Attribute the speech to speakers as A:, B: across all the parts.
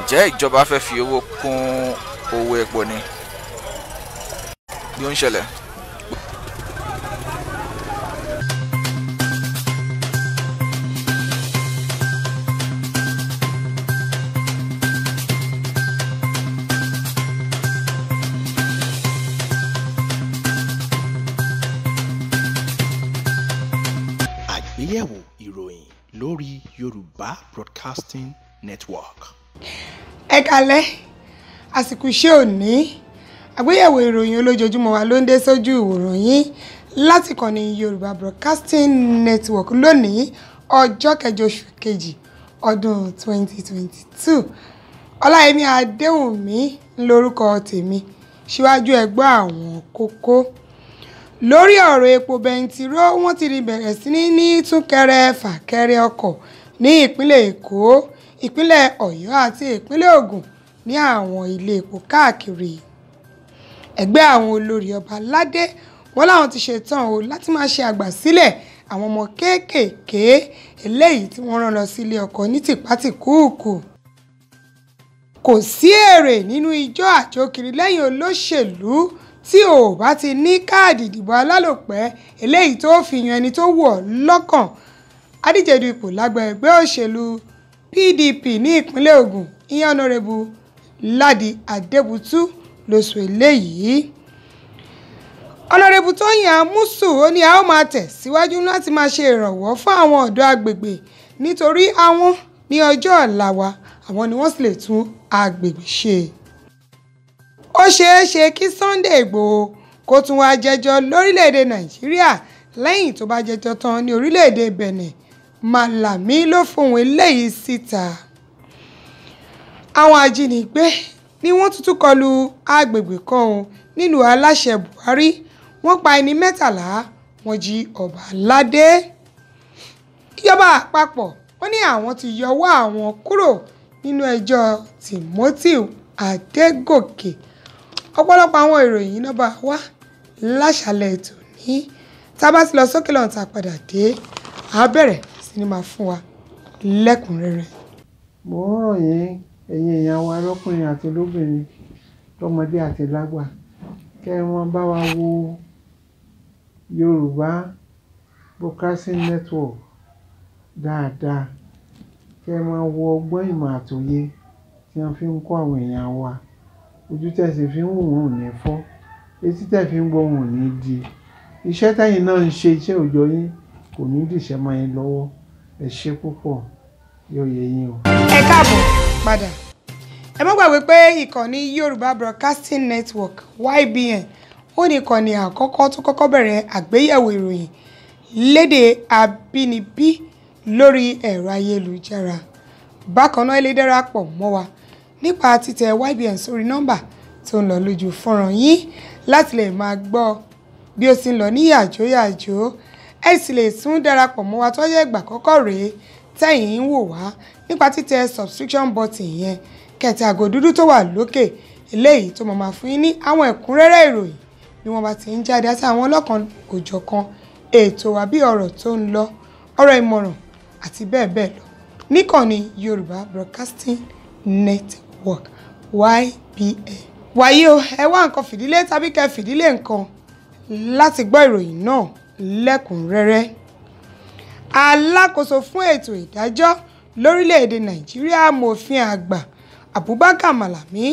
A: ǹjẹ́ ìjọba fẹ́ fi owó kún owó epo ni bí ó ń ṣẹlẹ̀. àgbéyẹ̀wò ìròyìn lórí Yorùbá Broadcasting Network. ẹ kalẹ̀ àsìkò iṣẹ́ òní àgbéyẹ̀wò ìròyìn olójoojúmọ́ wa ló ń dé sójú ìwòrán yín láti kànnì Yorùbá Broadcasting Network lónìí ọjọ́ kẹjọ oṣù kejì ọdún 2022 Ọláyẹmí Adéwùnmí lórúkọ tèmi síwájú ẹ gbọ́ àwọn kókó lórí ọ̀rọ̀ epo bẹntiró wọ́n ti bẹ̀rẹ̀ sí ní ní túnkẹrẹ fàkẹrẹ ọkọ̀ ní ìpínlẹ̀ èkó ìpínlẹ̀ ọ̀yọ́ àti ìpínlẹ̀ ògùn ní àwọn ilé epo káàkiri ẹgbẹ́ àwọn olórí ọba ládé wọ́n láwọn ti ṣetán o láti máa ṣe àgbàsílẹ̀ àwọn ọmọ kéékèèké eléyìí tí wọ́n rán lọ sílé ọkọ ní tìpátìkúùkù kò sí èrè nínú ijó àjòkiri lẹ́yìn olóṣèlú tí o ò bá ti ní káàdì ìdìbò alálòpẹ́ eléyìí tó fi yan ẹni tó wù ọ́ lọ́kàn adíjedu ipò lágbà ẹgbẹ́ òṣèlú PDP ní ìpínlẹ̀ Ògùn ìyẹn ọ̀nàrẹ́bù Ládi Adébútú lóṣù eléyìí ọ̀nàrẹ́bù Tóyìn Àmúsù ó ní a ó máa tẹ̀ síwájú láti máa ṣe ìrànwọ́ fún àwọn ọ̀dọ́ agbègbè nítorí àwọn ní ọjọ́ ọ̀la wa àwọn ni wọ́n sì lè tún agbègbè ṣe ó ṣeé ṣe kí Sunday Igbòho kó tún wáá jẹjọ́ lórílẹ̀‐èdè Nàìjíríà lẹ́yìn tó bá jẹjọ́ tán ní orílẹ̀‐èdè Benin Malami ló fòun eléyìí síta àwọn ajínigbé ni wọ́n tuntun kọlu agbègbè kan o nílùú aláṣẹ Buhari wọ́n pa ẹni mẹ́tàlá wọ́n jí ọba aládé ìjọba àpapọ̀ wọ́n ní àwọn ti yọwọ́ àwọn kúrò nínú ẹjọ́ Timothy Adégòkè ọ̀pọ̀lọpọ̀ àwọn ìròyìn iná bá wá láṣàlẹ̀ ètò ní tá a bá ti lọ sókè lọ́hùn tá a padà dé a bẹ̀rẹ̀ sí ni máa fún wa lẹ́kùnrẹ́rẹ́. mo ń rọ̀ yín ẹ̀yin èèyàn wa lọ́kùnrin àti lóbìnrin lọ́mọdé àti lágbà kẹ́ ẹ wọ́n bá wa wo Yorùbá Broadcasting Network dáadáa kẹ́ ẹ máa wo ọgbọ́n ìmọ̀ àtòye tí wọ́n fi ń kọ́ àwọn èèyàn wa ojú tẹ̀sí fi ń wòrán ò ní fọ́ etí tẹ̀ fi ń gbọ́hùn ò ní di iṣẹ́ tẹ̀yìn náà ń ṣe iṣẹ́ òòjọ́ yín kò ní dìṣẹ́ mọ́ yín lọ́wọ́ ẹ ṣe púpọ̀ yóò yẹ yín o. ẹ káàbọ̀ padà ẹ má gbàgbé pé ìkànnì Yorùbá Broadcasting Network YBN ó ní ìkànnì àkọ́kọ́ tó kọ́kọ́ bẹ̀rẹ̀ àgbéyẹ̀wò ìròyìn lédè abínibí lórí ẹ̀rọ ayélujára bákan náà ẹ lè darapọ̀ mọ́ wa nípa títẹ YBN sórí nọ́mbà tó ń lọ lójú fọ́nrán yín láti lè máa gbọ́ bí ó ti ń lọ ní yàjó yàjó ẹ sì lè tún darapọ̀ mọ́ wa tó yẹ ìgbà àkọ́kọ́ rèé tẹ̀yìn ń wò wá nípa títẹ subscription button yẹn kẹ̀tẹ̀ àgò dúdú tó wà lókè eléyìí tó máa máa fún yín ní àwọn ẹ̀kúnrẹ́rẹ́ ìròyìn bí wọ́n bá ti ń jáde àti àwọn ọlọ́kan òjọ̀kan ètò wa bí ọ̀rọ̀ tó ń lọ ọ̀rọ̀ ìmọ̀ràn àti bẹ́ẹ̀ bẹ́ẹ̀ lọ níkànnì Yorùbá Broadcasting Network work yba wàyí o ẹ wá nǹkan fìdílé tàbí kẹ fìdílé nǹkan láti gbọ́ ìròyìn náà lẹ́kùnrẹ́rẹ́ alákòóso fún ètò ìdájọ́ lórílẹ̀‐èdè nàìjíríà amòfin àgbà abubakar malami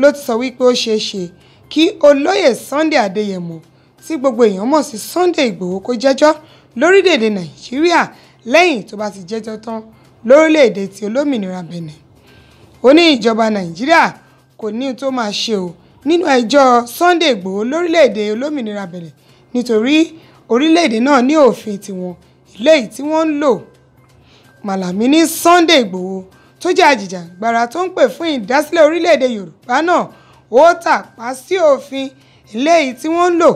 A: ló ti sọ wípé ó ṣeé ṣe kí olóyè sunday adeyemo. tí gbogbo èèyàn mọ̀ sí sunday ìgbòho kó jẹ́jọ́ lórílẹ̀‐èdè nàìjíríà lẹ́yìn tó bá ti jẹ́jọ́ tán lórílẹ̀‐èdè ti olómìnira benin ó ní ìjọba nàìjíríà kò ní tó máa ṣe o nínú ẹjọ́ Sunday Igboho lórílẹ̀‐èdè olómìnira bẹ̀rẹ̀ nítorí orílẹ̀‐èdè náà ní òfin tiwọn eléyìí tí wọ́n ń lò Màlàmí ní Sunday Igboho tó jẹ́ àjìjàgbara tó ń pè fún ìdásílẹ̀ orílẹ̀‐èdè Yorùbá náà ó tàpá sí òfin eléyìí tí wọ́n ń lò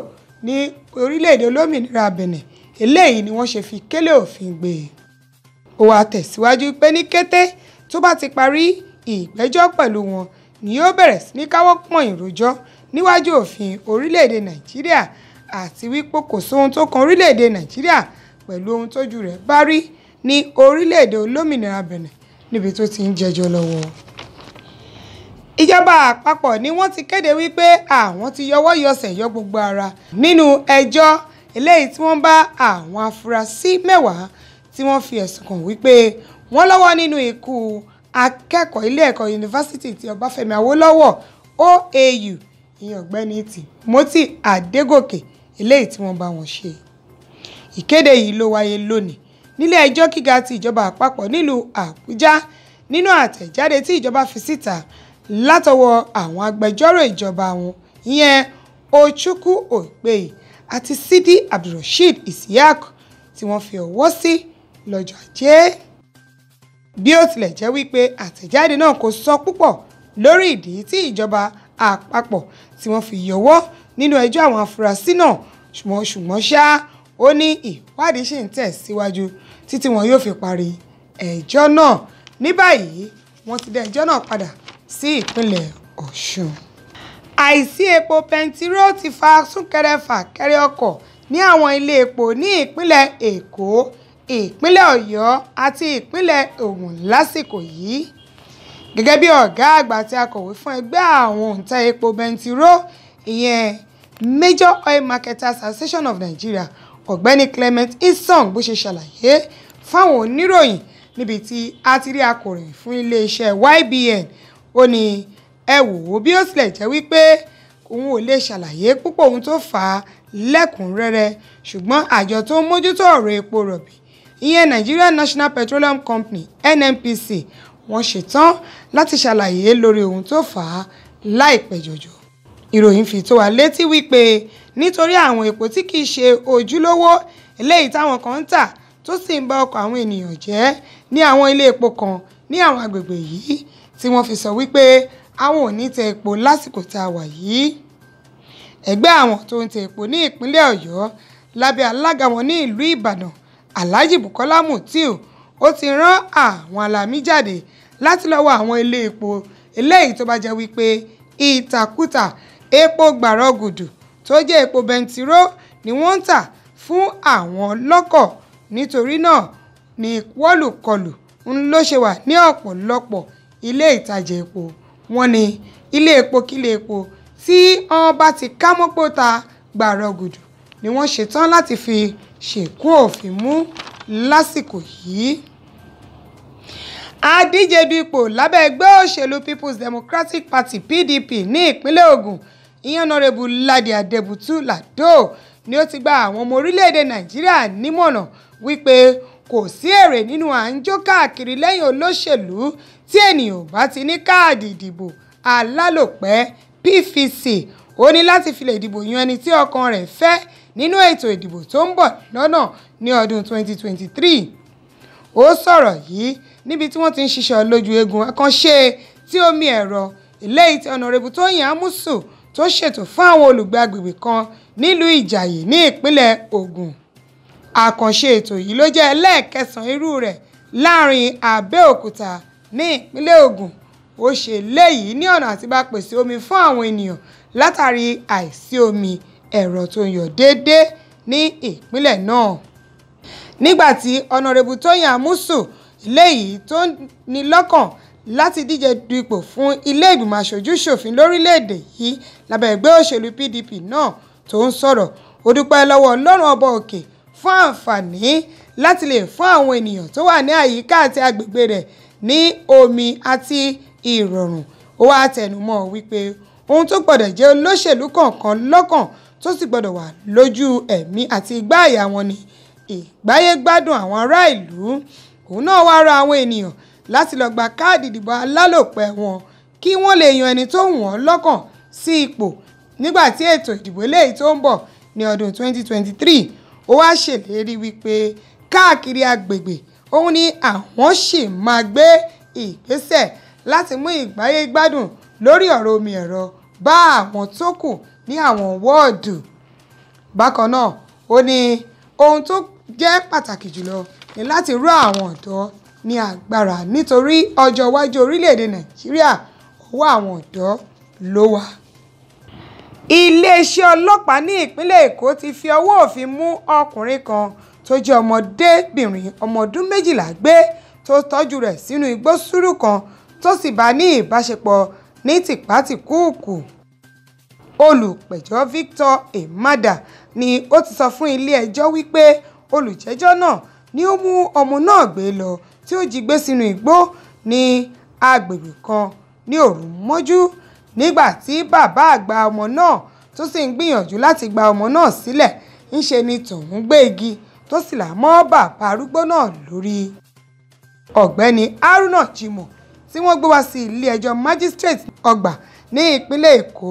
A: ní orílẹ̀‐èdè olómìnira bẹ̀nẹ̀ eléyìí ni wọ́n ṣe fi kélé òfin gbé e. ó wàá tẹ̀síwájú pé ní kété tó bá ti parí ìgbẹ́jọ́ pẹ̀lú wọn ni yóò bẹ̀rẹ̀ sí ní káwọ́ pọ̀nyìn rojọ́ níwájú òfin orílẹ̀-èdè nàìjíríà àti wípé kò sóhun tó kan orílẹ̀-èdè nàìjíríà pẹ̀lú ohun tójú rẹ̀ bá rí ní orílẹ̀-èdè olómìnira bẹ̀nẹ̀ níbi tó ti ń jẹjọ́ lọ́wọ́. ìjọba àpapọ̀ ni wọ́n ti kéde wípé àwọn ti yọwọ́ yọsẹ̀ yọ gbogbo ara nínú ẹjọ́ eléyìí tí wọ́n bá àwọn afurasí mẹ́wàá tí wọ́n fi ẹ̀sùn kàn wípé wọ́n lọ́wọ́ nínú ikú akẹ́kọ̀ọ́ ilé ẹ̀kọ́ yunifásitì ti ọbáfẹ́mi awólọ́wọ̀ oau ìyẹn ọ̀gbẹ́ni timothy adegoke eléyìí tí wọ́n bá wọn ṣe ìkéde yìí ló wáyé lónìí nílé ẹjọ́ gíga ti ìjọba àpapọ̀ nílùú àbújá nínú àtẹ̀jáde tí ìjọba fi síta látọwọ́ àwọn agbẹjọ́rò ìjọba wọn ìyẹn ochukwu ogbeyì àti sidi abdulrasheed isiaq tí wọ́n fi ọwọ́ sí lọ́jọ́ ajé bí ó tilẹ̀ jẹ́ wípé àtẹ̀jáde náà kò sọ púpọ̀ lórí ìdí tí ìjọba àpapọ̀ tí wọ́n fi yọwọ́ nínú ẹjọ́ àwọn afurasí náà ṣùgbọ́n ṣùgbọ́n ṣá ó ní ìwádìí ṣì ń tẹ̀síwájú títí wọn yóò fi parí ẹjọ́ náà ní báyìí wọ́n ti dá ẹjọ́ náà padà sí ìpínlẹ̀ Ọ̀ṣun. àìsí epo bẹntiró ti fa súnkẹrẹ fàkẹrẹ ọkọ̀ ní àwọn ilé epo ní ìpínlẹ̀ Èkó ìpínlẹ̀ ọ̀yọ́ àti ìpínlẹ̀ ògùn lásìkò yìí gẹ́gẹ́ bí ọ̀gá àgbà àti akọ̀wé fún ẹgbẹ́ àwọn òǹtà epo bẹntiró ìyẹn major oil marketer association of nigeria ọ̀gbẹ́ni clement isong bó ṣe ṣàlàyé fáwọn oníròyìn níbi tí a ti rí akọ̀ròyìn fún iléeṣẹ́ ybn ó ní ẹ wò ó bí ó tilẹ̀ jẹ́ wípé òun ò lè ṣàlàyé púpọ̀ ohun tó fà á lẹ́kùnrẹ́rẹ́ ṣùgbọ́n àjọ tó ń mójútó ọ̀rọ̀ epo rọ̀bì ìyẹn Nigeria National Petroleum Company NNPC wọ́n ṣetán láti ṣàlàyé lórí ohun tó fà á láìpẹ́ jọjọ. ìròyìn fi tó wa létí wípé nítorí àwọn epo tí kì í ṣe ojúlówó eléyìí táwọn kan ń tà tó sì ń bá ọkọ̀ àwọn ènìyàn jẹ́ ní àwọn ilé epo kan ní àwọn agbègbè yìí tí wọ́n fi sọ wípé àwọn ò ní tẹ epo lásìkò tá a wà yìí ẹgbẹ́ àwọn tó ń tẹ epo ní ìpínlẹ̀ Ọ̀yọ́ lábẹ́ alága wọn ní ìlú Ìbàdàn alhaji bukola mutiu ó ti rán àwọn alámì jáde láti lọ́wọ́ àwọn ilé epo eléyìí tó bá jẹ́ wípé ìtàkùtà epo gbàrọ̀gùdù tó jẹ́ epo bẹntiró ni wọ́n ń tà fún àwọn lọ́kọ̀ nítorí náà ni wọ́lùkọlù ń ló ṣe wà ní ọ̀pọ̀lọpọ̀ ilé ìtajà epo wọ́n ní ilé epo kílé epo tí wọ́n bá ti ká mọ́pọ́ ta gbàrọ̀gùdù ni wọ́n ṣetán láti fi ṣìnkún òfin mú lásìkò yìí adíje bípò lábẹ́ ẹgbẹ́ òṣèlú People's Democratic Party PDP ní ìpínlẹ̀ Ògùn ìyẹn nọrẹ́bù Ládì Adébútú Làdó ni ó ti gba àwọn ọmọ orílẹ̀-èdè Nàìjíríà nímọ̀nà wípé kò sí èrè nínú à ń jó káàkiri lẹ́yìn olóṣèlú tí ènìyàn bá ti ní káàdì ìdìbò alálòpẹ́ PVC ó ní láti fi lè yan ẹni tí ọkàn rẹ̀ fẹ́ nínú ètò ìdìbò tó ń bọ̀ lọ́nà ní ọdún 2023 ó sọ̀rọ̀ yìí níbi tí wọ́n ti ń ṣiṣọ́ lójú eegun àkànṣe tí omi ẹ̀rọ eléyìí tí ọ̀nàrẹ́bù Tóyìn Àmùsù tó ṣètò fún àwọn olùgbé agbègbè kan nílùú Ìjàyè ní ìpínlẹ̀ Ògùn àkànṣe ètò yìí ló jẹ́ ẹlẹ́ẹ̀kẹsàn-án irú rẹ̀ láàrin Abẹ́òkúta ní ìpínlẹ̀ Ògùn ó ṣe léyìí ní ọ̀nà àti bá pèsè omi fún àwọn ènìyàn látàrí àìsí omi ẹ̀rọ tó ń yọ déédé ní ìpínlẹ̀ náà nígbà tí ọ̀nàrẹ́bù tóyìn àmúsù léyìí tó ní lọ́kàn láti díje du ipò fún ilé ìgbìmọ̀ aṣojú-ṣòfin lórílẹ̀‐èdè yìí lábẹ́ ẹgbẹ́ òṣèlú PDP náà tó ń sọ̀rọ̀ ó dúpẹ́ lọ́wọ́ ọlọ́run ọba òkè fún àǹfààní láti lè fún àwọn ènìyàn tó wà ní àyíká àti agbègbè rẹ̀ ní omi àti ìrọ̀rùn ó wá tẹnumọ́ wípé ohun tó gbọ́dọ̀ jẹ́ olóṣèlú kọ̀ọ̀kan lọ́kàn tó sì gbọ́dọ̀ wà lójú ẹ̀mí àti ìgbáàyà wọn ni ìgbáyégbádùn àwọn ará ìlú òun náà wá ra àwọn ènìyàn láti lọ gba káàdì ìdìbò alálòpẹ́ wọn kí wọ́n lè yan ẹni tó wù wọ́n lọ́kàn sí ipò nígbà tí ètò ìdìbò léyìí tó ń bọ̀ ní ọdún 2023 ó wá ṣèlérí wípé káàkiri agbègbè òun ni àwọn sì máa gbé ìgbésẹ̀ láti mú ìgbáyégbádùn lórí ọ̀rọ̀ omi ẹ̀rọ bá àwọn tó kù ní àwọn wọ́ọ̀dù bákan náà ó ní ohun tó jẹ́ pàtàkì jùlọ ni láti rú àwọn ọ̀dọ́ ní agbára nítorí ọjọ́ iwájú orílẹ̀-èdè nàìjíríà ọwọ́ àwọn ọ̀dọ́ ló wà. iléeṣẹ́ ọlọ́pàá ní ìpínlẹ̀ èkó ti fi ọwọ́ òfin mú ọkùnrin kan tó jẹ́ ọmọdébìnrin ọmọ ọdún méjìlá gbé tó tọ́jú rẹ̀ sínú igbó sùúrù kan tó sì bá ní ìbáṣepọ̀ ní tìpátìkúùkù olùpẹ̀jọ́ Victor Emada ni ó ti sọ fún ilé-ẹjọ́ wípé olùjẹ́jọ́ náà ni ó mú ọmọ náà gbé lọ tí ó jí gbé sínú igbó ní agbègbè kan ní òru mọ́jú nígbà tí bàbá àgbà ọmọ náà tó sì ń gbìyànjú láti gba ọmọ náà sílẹ̀ ńṣe ni tòun gbé igi tó sì là mọ́ bàbá arúgbó náà lórí. ọ̀gbẹ́ni Haruna Jimoh tí wọ́n gbé wá sí ilé ẹjọ́ magistrate ọgbà ní ìpínlẹ̀ Èkó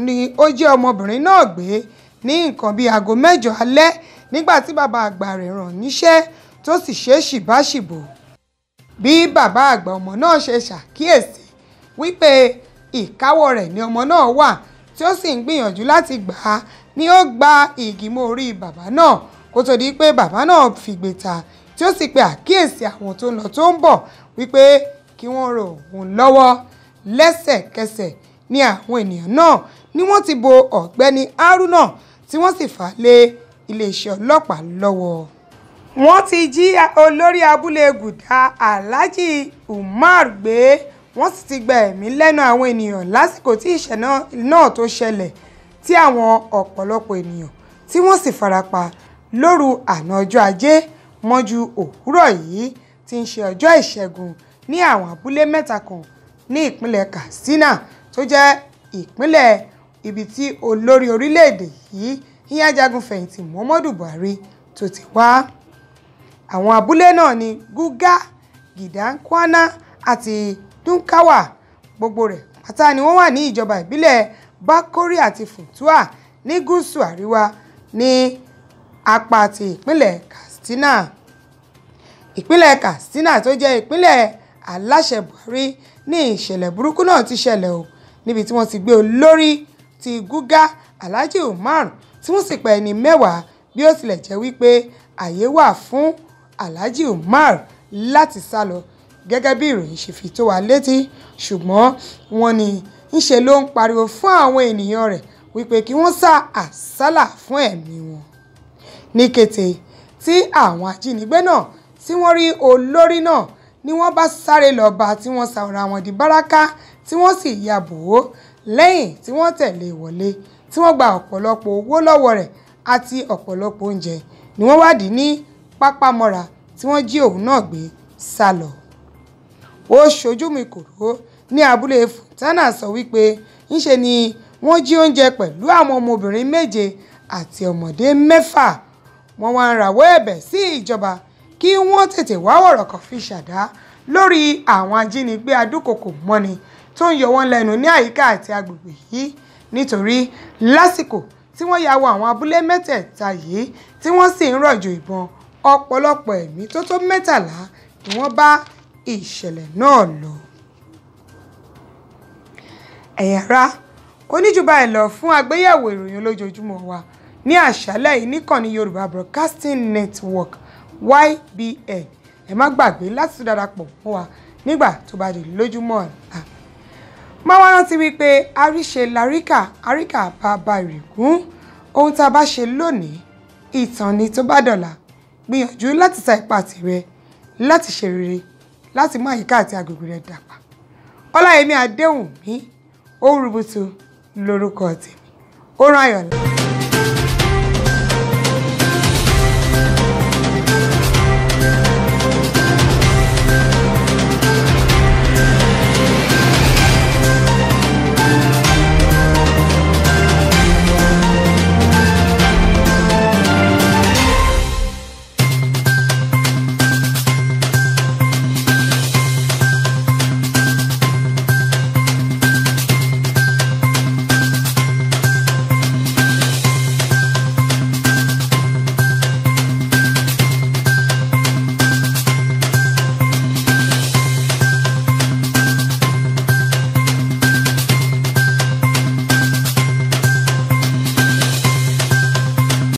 A: ni ó jẹ́ ọmọbìnrin náà gbé ní nǹkan bíi aago mẹ́jọ alẹ́ nígbà tí bàbá àgbà rẹ̀ rán níṣẹ́ tó sì ṣe ṣìbáṣìbò bí bàbá àgbà ọmọ náà ṣe ṣàkíyèsí wípé ìkáwọ́ rẹ̀ ni ọmọ náà wà tí ó sì ń gbìyànjú láti gbà á ni ó gba ìgìmọ̀ orí bàbá náà kó tó di pé bàbá náà fìgbè ta tí ó sì pe àkíyèsí àwọn tó ń lọ tó ń bọ̀ wípé kí wọ́n rò òun lọ́wọ́ lẹ́sẹ̀kẹsẹ̀ ni àwọn ènìyàn náà ni wọ́n ti bo ọ̀gbẹ́ni haruna tí wọ́n sì fà á lé iléeṣẹ́ ọlọ́pàá lọ́wọ́ wọ́n ti jí olórí abúlé gùdà alhaji umar gbé wọ́n sì ti gba ẹ̀mí lẹ́nu àwọn ènìyàn lásìkò tí ìṣẹ̀lẹ̀ náà tó ṣẹlẹ̀ tí àwọn ọ̀pọ̀lọpọ̀ ènìyàn tí wọ́n sì farapa lóru àná ọjọ́ ajé mọ́jú òwúrọ̀ yìí tí ń ṣe ọjọ́ ìṣẹ́gun ní àwọn abúlé mẹ́ta kan ní ìpínlẹ̀ katsina tó jẹ́ ìpínlẹ̀ ibi tí olórí orílẹ̀-èdè yìí ìyẹn ajagunfẹ̀yìntì Muhammadu Buhari tó ti wá. àwọn abúlé náà ni Guga Gidankwana àti Dunkawa gbogbo rẹ̀ pátá ni wọ́n wà ní ìjọba ìbílẹ̀ Bakori àti Funtua ní gúúsù àríwá ní apá ti ìpínlẹ̀ Katsina ìpínlẹ̀ Katsina tó jẹ́ ìpínlẹ̀ aláṣẹ Buhari ní ìṣẹ̀lẹ̀ burúkú náà ti ṣẹlẹ̀ o níbi tí wọ́n ti gbé olórí ti gúgá alhaji umar tí wọ́n sì pa ẹni mẹ́wàá bí ó tilẹ̀ jẹ́ wípé àyè wà fún alhaji umar láti sá lọ gẹ́gẹ́ bí ìròyìn ṣe fi tó wa létí ṣùgbọ́n wọ́n ní ńṣe ló ń pariwo fún àwọn ènìyàn rẹ̀ wípé kí wọ́n sá àsálà fún ẹ̀mí wọn. ní kété tí àwọn ajínigbé náà tí wọ́n rí olórí náà ni wọ́n bá sáré lọ bá tí wọ́n sàwòrán wọn di báràkà tí wọ́n sì ya bò ó lẹ́yìn tí wọ́n tẹ̀lé e wọlé tí wọ́n gba ọ̀pọ̀lọpọ̀ owó lọ́wọ́ rẹ̀ àti ọ̀pọ̀lọpọ̀ oúnjẹ ni wọ́n wádìí ní pápámọ́ra tí wọ́n jí òun náà gbé sá lọ. ó ṣojú mi kòró ní abúlé fontana sọ wípé ńṣe ni wọ́n jí oúnjẹ pẹ̀lú àwọn ọmọbìnrin méje àti ọmọdé mẹ́fà wọ́n wá ń rawọ́ ẹ̀bẹ̀ sí ìjọba kí wọ́n tètè wá ọ̀rọ̀ kan fi ṣàdá lórí àwọn ajínigbé adúkòkò mọ́ni tó ń yọ wọ́n lẹ́nu ní àyíká àti agbègbè yìí nítorí lásìkò tí wọ́n ya wọ àwọn abúlé mẹ́tẹ̀ẹ̀ta yìí tí wọ́n sì ń rọ̀jò ìbọn ọ̀pọ̀lọpọ̀ ẹ̀mí tó tó mẹ́tàlá ni wọ́n bá ìṣẹ̀lẹ̀ náà lọ. ẹ̀yin ará oníjú lọ fún àgbéyẹ̀wò ìròyìn olójoojúmọ́ wa ní àṣálẹ́ yìí níkànnì Yorùbá Broadcasting Network YBN ẹ má gbàgbé láti darapọ̀ mọ́ wa nígbà tó bá di lójúmọ́ ọ̀la máa wá rántí wípé àríṣe láríkà àríkà bàbá ìrìkún ohun tá a bá ṣe lónìí ìtàn ni tó bá dọ̀la gbìyànjú láti ta ipa tìrẹ láti ṣe rere láti mú àyíká àti agbègbè rẹ dàgbà ọláyẹmí adéhùn mi ó rúbutu lórúkọ tèmi ó rán ayọ̀ lọ.